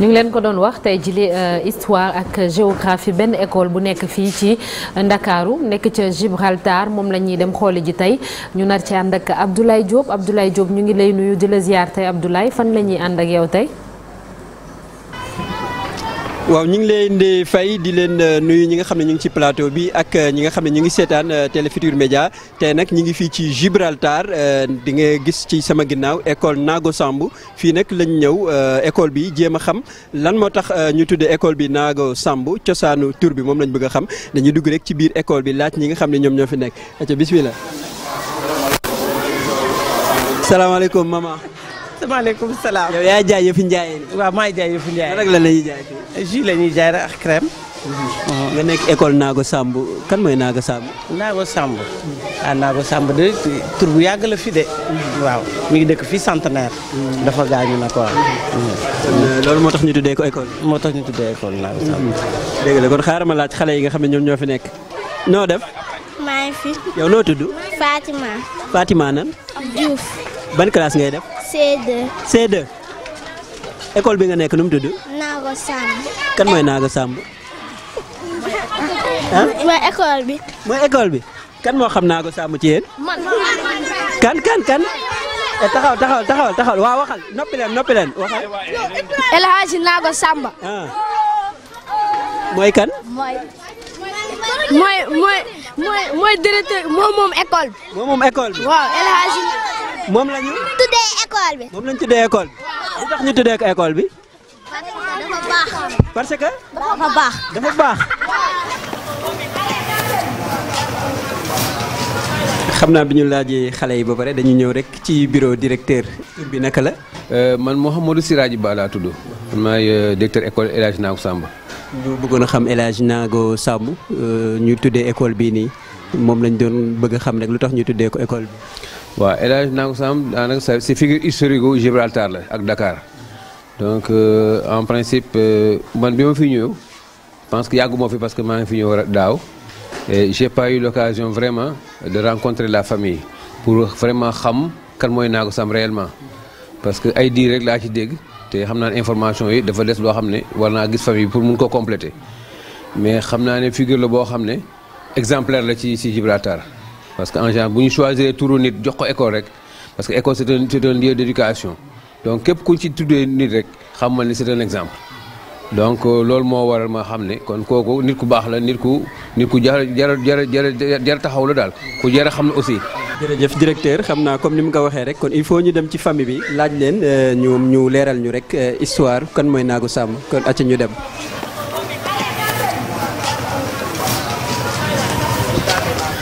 ñu ngi leen ko doon wax tey jii li euh, histoire ak géographie benn école bu nekk fii ci Ndakaaru nekk ca Gibraltar moom la ñuy dem xooli ji tey ñu nar ci ànd ak Abdoulaye Diop Abdoulaye Diop ñu ngi lay nuyu di la ziar tey Abdoulaye fan la ñuy ànd ak yow tey. waaw ñu ngi leen di fay di leen euh, nuyu ñi nga xam ne ñu ngi ci plateau bi ak euh, ñi nga xam ne ñu ngi seetaan euh, Télé Futurs Médias tey nag ñu ngi fii ci Gibraltar di nga gis ci sama ginnaaw école Nago Samb fii nag lañ ñëw école bi jéem a xam lan moo tax ñu tuddee école bi Nago Samb cosaanu tur bi moom lañ bëgg a xam dañuy dugg rek ci biir école bi laaj ñi nga xam ne ñoom ñoo fi nekk aca bismillah salaamaaleykum maman. salaamaaleykum salaam. yow yaa jaay yëfi maa ngi jaay yëfi njaayeen. lan rek la lay jaay. jus la ñuy jaay rek ak crème. Mm-hmm. nga nekk école Naago Samb kan mooy Naago Samb. Naago Samb ah Naago Samb de tur bu yàgg la fi de. Mm-hmm. waaw mi ngi dëkk fii centenaire. Mm-hmm. dafa gaañu na quoi. kon euh, loolu moo tax ñu tuddee ko moo tax ñu tuddee école Naago Samb. dégg la kon xaaral ma laaj xale yi nga xam ne ñoom ñoo fi nekk. noo def. maa ngi fi. yow noo tudd. Fatima. Fatima nan. Diouf. ban classe ngay def. C2. école bi nga nekk nu mu tudd. Naago Samb. kan mooy Naago Samb. ah mooy école bi. mooy école bi kan moo xam Naago Samb ci yéen. man kan kan kan. Eh, taxaw taxaw taxaw taxaw waaw waxal noppi leen noppi leen waxal. El Hadj Naago Samba. ah mooy mooy mooy mooy mooy mooy directeur moom moom école bi. moom moom école bi. waaw El moom la ñu. tuddee bi. moom la ñu tuddee bi. lu tax ñu tuddee ko école bi. parce que dafa baax. xam naa bi ñu laajee xale yi ba pare dañu ñëw rek ci bureau directeur tur bi naka la. Euh, man Mouhamadou Siraji Ba laa tudd. man maay euh, directeur école El Hadj Nago Samb. ñu bëggoon a xam El Hadj Nago Samb euh, ñu tuddee école bii nii moom lañ doon bëgg xam rek lu tax ñu tuddee ko école bi. waaw El Hadj Nangu Samb daanaka sa si figure historique Gibraltar la ak Dakar donc euh, en principe euh, man bi ma fi ñëw pense que yàggu moo fi parce que maa ngi fi ñëw daaw et j'ai pas eu l'occasion vraiment de rencontrer la famille pour vraiment xam kan mooy Nangu Samb réellement parce que ay diir rek laa ci dégg te xam naa ne information yi dafa des loo xam ne war naa gis famille pour mun ko compléter mais xam naa ne figure la boo xam ne exemplaire la ci ci Gibraltar parce que en général bu ñu choisir turu nit jox ko école rek parce que école c'est un c'est un lieu d'éducation donc képp ku ci tuddee nit rek xam ma ni c'est un exemple donc euh, loolu moo waral ma xam ne kon kooku nit ku baax la nit ku nit ku jar jar jar jar taxaw la daal ku jar a xam ne aussi. jërëjëf directeur xam naa comme ni mu ko waxee rek kon il faut ñu dem ci famille bi laaj leen euh, ñu ñu leeral ñu rek euh, histoire kan mooy Naagu Samb kon acca ñu dem.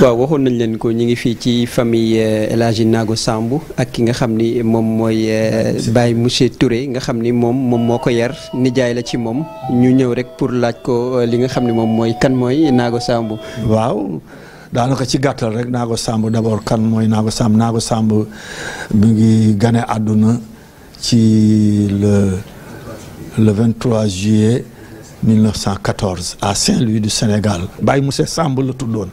waaw waxoon nañ leen ko ñu ngi fii ci famille euh, El Hadji Nago Samb ak ki nga xam ni moom mooy euh, Baye monsieur Touré nga xam ni moom moom moo ko yar nijaay la ci moom ñu ñëw rek pour laaj ko euh, li nga xam ni moom mooy kan mooy Nago Samb. waaw daanaka ci gàttal rek Nago Samb d'abord kan mooy Nago Samb Nago Samb mu ngi gane àdduna ci le le juillet. 1914 à Saint-Louis du Sénégal Baye Mousse Samb la tuddoon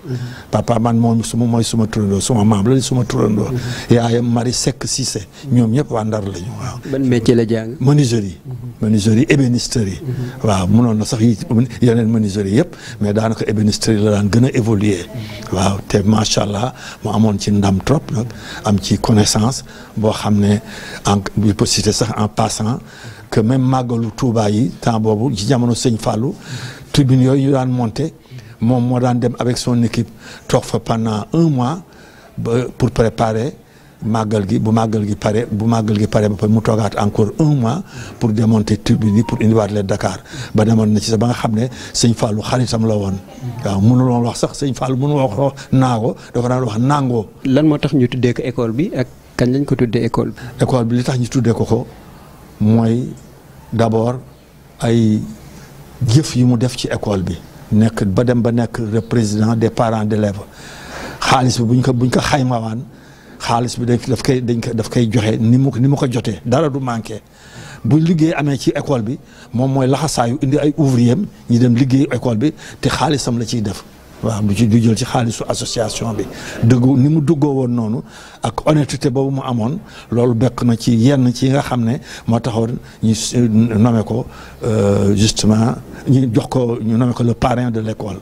papa man moom suma mooy suma turandoo suma maam la suma turandoo yaayam Marie Seck Cissé ñoom ñëpp waa Ndar lañu waaw ban métier la jàng menuiserie menuiserie ébénisterie waaw mënoon na sax yi yeneen menuiserie yëpp mais daanaka ébénisterie la daan gën a évoluer waaw te macha allah moo amoon ci ndam trop nag am ci connaissance boo xam ne en sax en passant que même màggalu Touba yi temps boobu ci jamono sëñ Fallou tribune yooyu ñu daan monté moom moo daan dem avec son équipe toog fa pendant un mois pour préparer màggal gi bu màggal gi pare bu màggal gi pare ba pare mu toogaat encore un mois pour démonter tribune yi pour indiwaat leen Dakar ba demoon na ci sax ba nga xam ne sëñ Fallou xaritam la woon. waaw mënuloon wax sax sëñ Fallou mënu wax wax naago dafa daan wax nangoo. lan moo tax ñu tuddee ko école bi ak kañ lañ ko tuddee école bi. bi li tax ñu tuddee ko ko. mooy d'abord ay jëf yi mu def ci école bi nekk ba dem ba nekk président des parents d'élèves xaalis bi buñ ko buñ ko xaymawaan xaalis bi daf koy dañ ko daf koy joxe ni mu ni mu ko jotee dara du manqué bu liggéey amee ci école bi moom mooy laxasaayu indi ay ouvriem ñi dem liggéey école bi te xaalisam la ciy def waaw du ci du jël ci xaalisu association bi dëggu ni mu duggoo woon noonu ak honnêteté boobu mu amoon loolu bekk na ci yenn ci yi nga xam ne moo taxoon ñu euh, nommé ko euh, justement ñu jox ko ñu nommé ko le parrain de l'école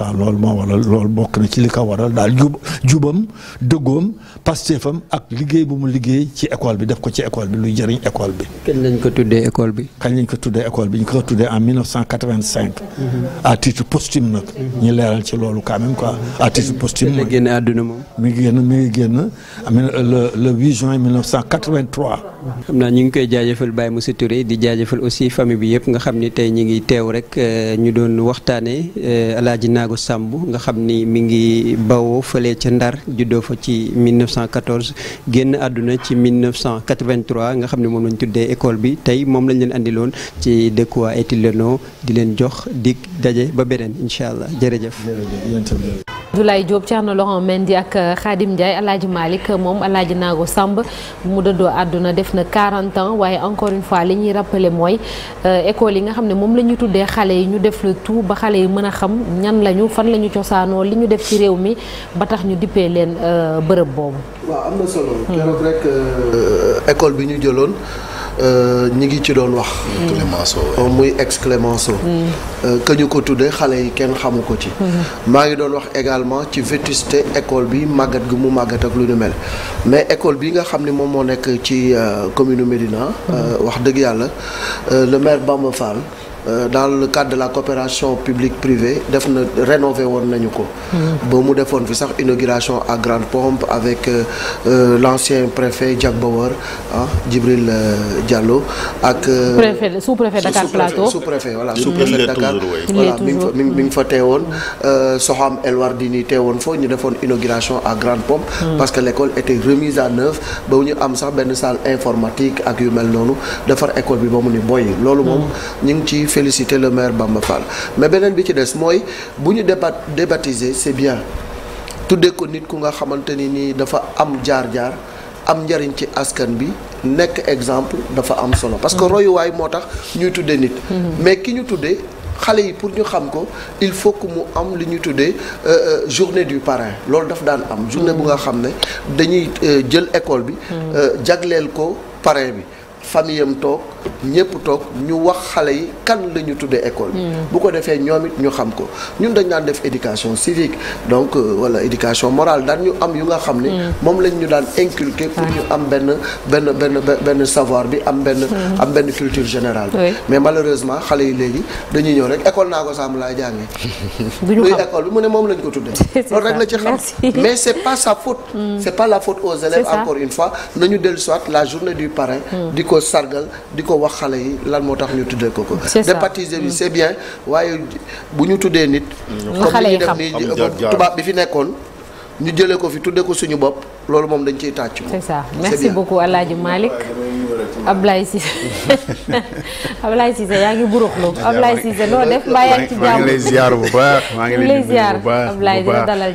waaw loolu moo waral loolu bokk na ci li ko waral daal jub jubam dëggoom pastéefam ak liggéey bu mu liggéey ci école bi def ko ci école bi luy jëriñ école bi. kañ lañ ko tuddee école bi. kañ lañ ko tuddee école bi ñu ko tuddee en 1985. Mm-hmm. à titre posthume nag. Mm-hmm. ñu leeral ci loolu quand même quoi à titre posthume. mi ngi génn àdduna moom mi Ah, euh, le le 8 juin 1983. xam naa ñu ngi koy jaajëfal baay Moussa Touré di jaajëfal aussi famille bi yëpp nga xam ni tey ñu ngi teew rek euh, ñu doon waxtaanee euh, El Hadj Naago Samb nga xam ni mi ngi bawoo fëlee ca Ndar juddoo fa ci 1914 génn àdduna ci 1983 nga xam ne moom lañ tuddee école bi tey moom lañ leen andiloon ci De quoi est di leen jox dig daje ba beneen incha allah jërëjëf. jërëjëf Abdoulaye Diop Thierno Laurent Mendy ak euh, Khadim Ndiaye Alaaji Malick euh, moom Alaaji Naago Samb mu dëddoo àdduna def na 40 ans waaye encore une fois li ñuy rappelé mooy euh, école yi nga xam ne moom la ñuy tuddee xale yi ñu def le tout ba xale yi mën a xam ñan lañu fan la ñu cosaanoo li ñu def ci réew mi ba tax ñu dippee leen bërëb boobu. waaw am na solo. Hmm. keroog rek école bi ñu jëloon. Euh, ñi ngi ci doon wax. Mm. Clémenceau euh, muy ex Clémenceau. Mm. Euh, ko tuddee xale yi kenn xamu ko ci. Mm-hmm. maa ngi doon wax également ci vétusté école bi màggat gi mu màggat ak lu ñu mel mais école bi nga xam ni moom moo nekk ci commune Médina. Mm-hmm. wax dëgg yàlla le maire Bamba Fall. Euh, dans le cadre de la coopération publique privée def na rénové woon nañu ko. Hmm. ba mu defoon fi sax inauguration à grande pompe avec euh, euh l'ancien préfet Jack Bauer ah Djibril euh, Diallo ak. préfet de sous-préfet Dakar sous-préfet voilà sous-préfet Dakar. voilà mi ngi fa te woon fa teewoon. Hmm. Soham El Wardini teewoon foofu ñu defoon inauguration à grande pompe. Hmm. parce que l'école était remise à neuf ba ñu am sax benn salle informatique ak yu mel noonu defar école bi ba mu ni boy loolu moom ñu ngi ci féliciter le maire Bamba Fall mais beneen bi ci des mooy bu ñu débat débaptiser c'est bien tuddee ko nit ku nga xamante ni nii dafa am jaar-jaar am njariñ ci askan bi nekk exemple dafa am solo. parce que mm-hmm. royuwaay moo tax ñuy tuddee nit. Mm-hmm. mais ki ñu tuddee. xale yi pour ñu xam ko il faut que mu am li ñuy tuddee euh, euh, journée du parrain loolu daf daan am journée bu nga mm-hmm. xam ne dañuy euh, jël école bi jagleel ko parrain bi famille am toog ñëpp toog ñu wax xale yi kan la tuddee école bi hmm. bu ko defee ñoom it ñu xam ko ñun dañ daan def éducation civique donc wala euh, éducation morale daan ñu am yu nga xam ni hmm. moom lañ ñu daan inculquer pour ah. ñu am benn benn benn benn savoir bi am benn hmm. am benn culture générale bi mais malheureusement xale yi léegi dañuy ñëw rek école naa ko saam laa jànge luy école bi mu ne moom lañ ko tuddee loolu rek la ci xam mais c'est pas sa faute c'est pas la faute ko sargal di ko wax xale yi lan moo tax ñu tuddee ko ko. dépatiser bi c'est bien waaye bu ñu tuddee nit. comme li ñu def nii tubaab bi fi nekkoon. ñu jëlee ko fi tuddee ko suñu bopp loolu moom dañ ciy tàcc. c'est ça merci beaucoup El Hadj Malick. Ablaye Cissé Ablaye Cissé yaa ngi buruxlu Ablaye Cissé loo def mbaa yaa ngi ci jàmm maa ngi lay ziar bu baax maa ngi lay ziar bu baax Ablaye dina dalal.